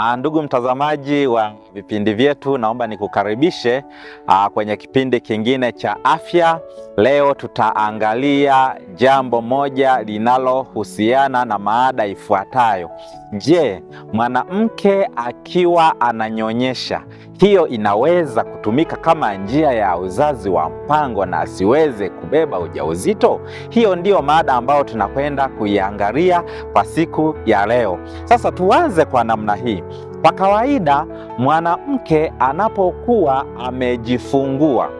Ah, ndugu mtazamaji wa vipindi vyetu, naomba nikukaribishe ah, kwenye kipindi kingine cha afya. Leo tutaangalia jambo moja linalohusiana na maada ifuatayo: Je, mwanamke akiwa ananyonyesha hiyo inaweza kutumika kama njia ya uzazi wa mpango na asiweze kubeba ujauzito? Hiyo ndiyo mada ambayo tunakwenda kuiangalia kwa siku ya leo. Sasa tuanze kwa namna hii. Kwa kawaida mwanamke anapokuwa amejifungua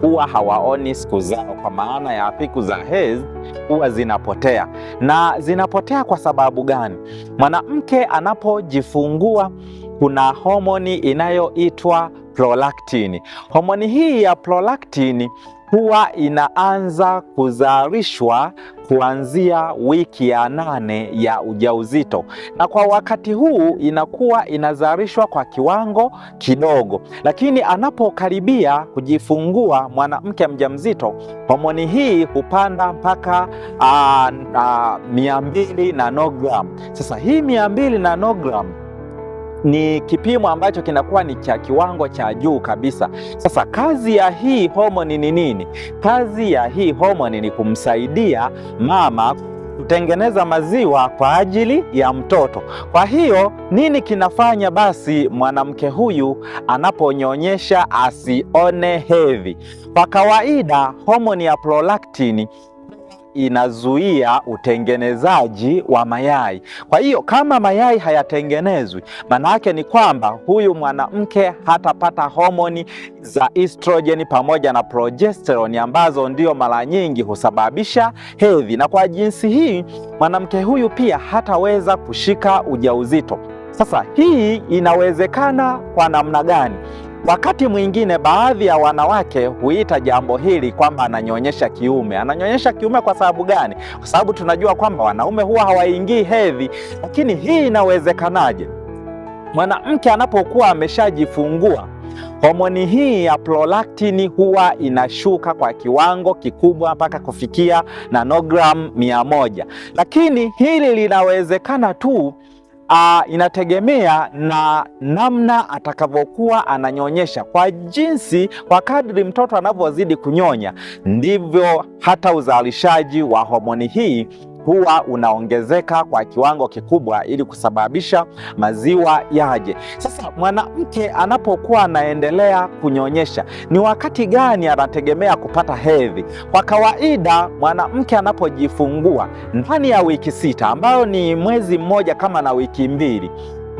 huwa hawaoni siku zao, kwa maana ya siku za hedhi huwa zinapotea. Na zinapotea kwa sababu gani? Mwanamke anapojifungua kuna homoni inayoitwa prolactin. Homoni hii ya prolactin huwa inaanza kuzalishwa kuanzia wiki ya nane ya ujauzito, na kwa wakati huu inakuwa inazalishwa kwa kiwango kidogo, lakini anapokaribia kujifungua mwanamke mjamzito, homoni hii hupanda mpaka ah, ah, mia mbili nanogram. Sasa hii mia mbili nanogram ni kipimo ambacho kinakuwa ni cha kiwango cha juu kabisa. Sasa kazi ya hii homoni ni nini? Kazi ya hii homoni ni kumsaidia mama kutengeneza maziwa kwa ajili ya mtoto. Kwa hiyo nini kinafanya basi mwanamke huyu anaponyonyesha asione hedhi? Kwa kawaida homoni ya prolactin inazuia utengenezaji wa mayai. Kwa hiyo kama mayai hayatengenezwi, maana yake ni kwamba huyu mwanamke hatapata homoni za estrogen pamoja na progesterone ambazo ndio mara nyingi husababisha hedhi, na kwa jinsi hii mwanamke huyu pia hataweza kushika ujauzito. Sasa hii inawezekana kwa namna gani? Wakati mwingine baadhi ya wanawake huita jambo hili kwamba ananyonyesha kiume. Ananyonyesha kiume kwa sababu gani? Kwa sababu tunajua kwamba wanaume huwa hawaingii hedhi, lakini hii inawezekanaje? Mwanamke anapokuwa ameshajifungua homoni hii ya prolactin huwa inashuka kwa kiwango kikubwa mpaka kufikia nanogram mia moja, lakini hili linawezekana tu uh, inategemea na namna atakavyokuwa ananyonyesha. Kwa jinsi, kwa kadri mtoto anavyozidi kunyonya, ndivyo hata uzalishaji wa homoni hii huwa unaongezeka kwa kiwango kikubwa ili kusababisha maziwa yaje. Sasa mwanamke anapokuwa anaendelea kunyonyesha, ni wakati gani anategemea kupata hedhi? Kwa kawaida mwanamke anapojifungua ndani ya wiki sita ambayo ni mwezi mmoja kama na wiki mbili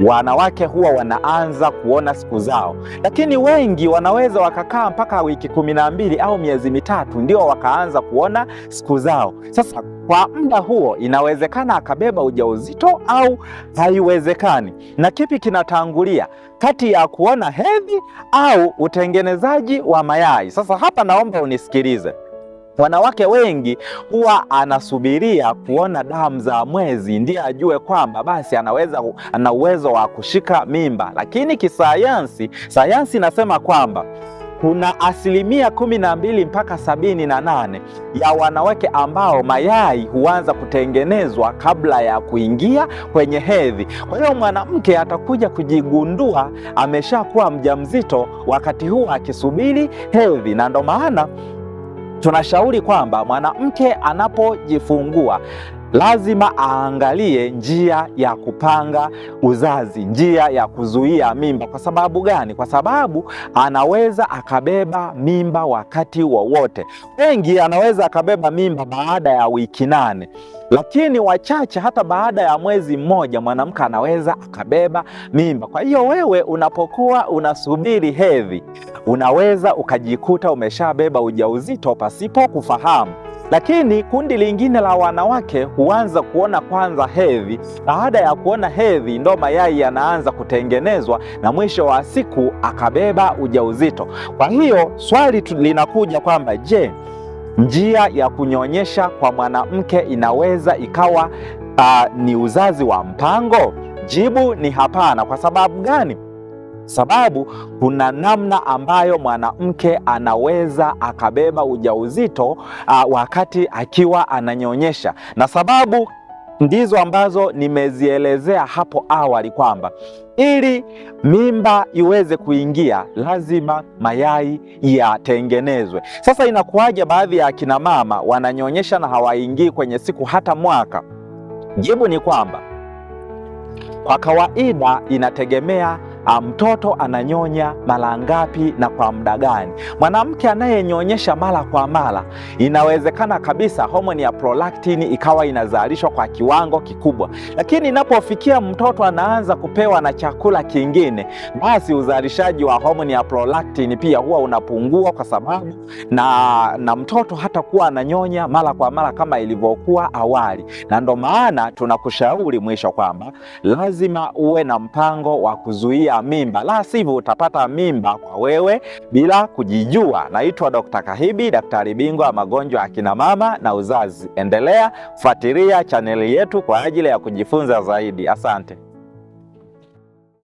wanawake huwa wanaanza kuona siku zao, lakini wengi wanaweza wakakaa mpaka wiki kumi na mbili au miezi mitatu ndio wakaanza kuona siku zao. Sasa kwa muda huo inawezekana akabeba ujauzito au haiwezekani. Na kipi kinatangulia kati ya kuona hedhi au utengenezaji wa mayai? Sasa hapa naomba unisikilize. Wanawake wengi huwa anasubiria kuona damu za mwezi ndiye ajue kwamba basi anaweza ana uwezo wa kushika mimba, lakini kisayansi, sayansi inasema kwamba kuna asilimia kumi na mbili mpaka sabini na nane ya wanawake ambao mayai huanza kutengenezwa kabla ya kuingia kwenye hedhi. Kwa hiyo mwanamke atakuja kujigundua ameshakuwa mjamzito wakati huu akisubiri hedhi, na ndo maana tunashauri kwamba mwanamke anapojifungua lazima aangalie njia ya kupanga uzazi, njia ya kuzuia mimba. Kwa sababu gani? Kwa sababu anaweza akabeba mimba wakati wowote wa wengi, anaweza akabeba mimba baada ya wiki nane, lakini wachache hata baada ya mwezi mmoja mwanamke anaweza akabeba mimba. Kwa hiyo wewe unapokuwa unasubiri hedhi, unaweza ukajikuta umeshabeba ujauzito pasipo kufahamu. Lakini kundi lingine la wanawake huanza kuona kwanza hedhi. Baada ya kuona hedhi, ndo mayai yanaanza kutengenezwa na mwisho wa siku akabeba ujauzito. Kwa hiyo swali linakuja kwamba je, njia ya kunyonyesha kwa mwanamke inaweza ikawa uh, ni uzazi wa mpango? Jibu ni hapana. Kwa sababu gani? sababu kuna namna ambayo mwanamke anaweza akabeba ujauzito uh, wakati akiwa ananyonyesha, na sababu ndizo ambazo nimezielezea hapo awali kwamba ili mimba iweze kuingia lazima mayai yatengenezwe. Sasa inakuwaje baadhi ya akina mama wananyonyesha na hawaingii kwenye siku hata mwaka? Jibu ni kwamba kwa kawaida inategemea Ah, mtoto ananyonya mara ngapi na kwa muda gani. Mwanamke anayenyonyesha mara kwa mara, inawezekana kabisa homoni ya prolactin ikawa inazalishwa kwa kiwango kikubwa, lakini inapofikia mtoto anaanza kupewa na chakula kingine, basi uzalishaji wa homoni ya prolactin pia huwa unapungua, kwa sababu na, na mtoto hata kuwa ananyonya mara kwa mara kama ilivyokuwa awali, na ndo maana tunakushauri mwisho kwamba lazima uwe na mpango wa kuzuia ya mimba, la sivyo utapata mimba kwa wewe bila kujijua. Naitwa Dr. Kahibi, daktari bingwa wa magonjwa ya kina mama na uzazi. Endelea fuatilia chaneli yetu kwa ajili ya kujifunza zaidi. Asante.